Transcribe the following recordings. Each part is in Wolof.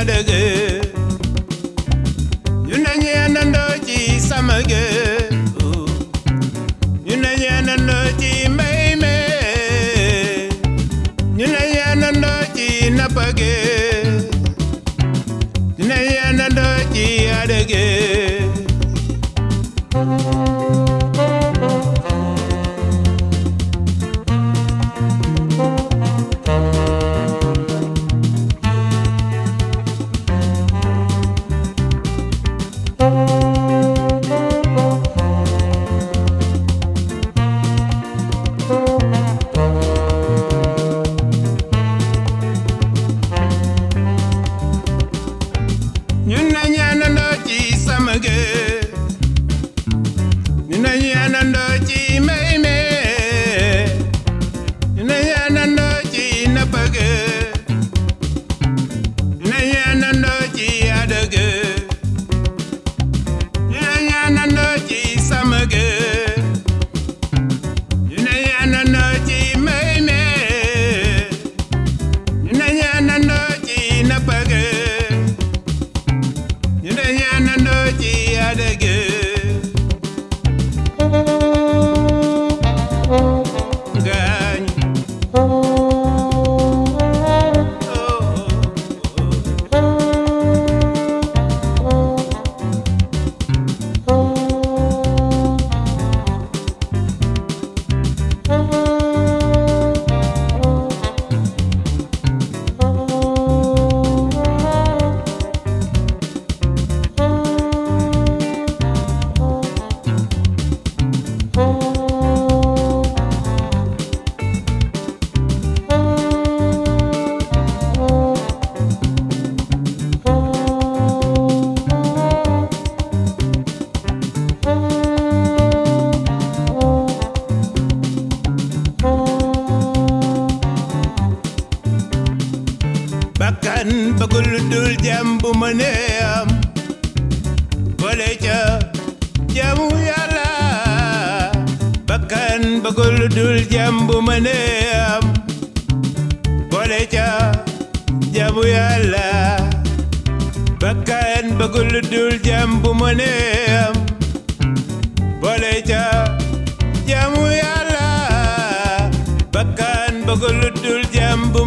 adëgë yu nañu yàndandoo bakkan bagul dul jàmm bu mënee am boole ca jaamu yàlla bakkan bëggul dul jàmm bu mënee am boole ca jaamu yàlla bakkan bëggul dul jàmm bu mënee am boole ca yàlla dul jàmm bu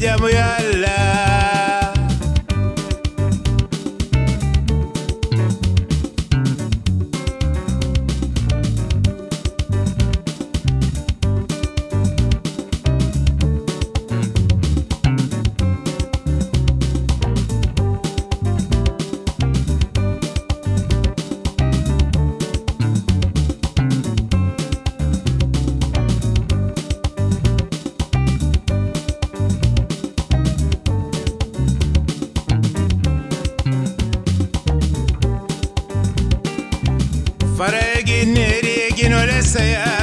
Yeah, voy Para gin, nereye gin öylese ya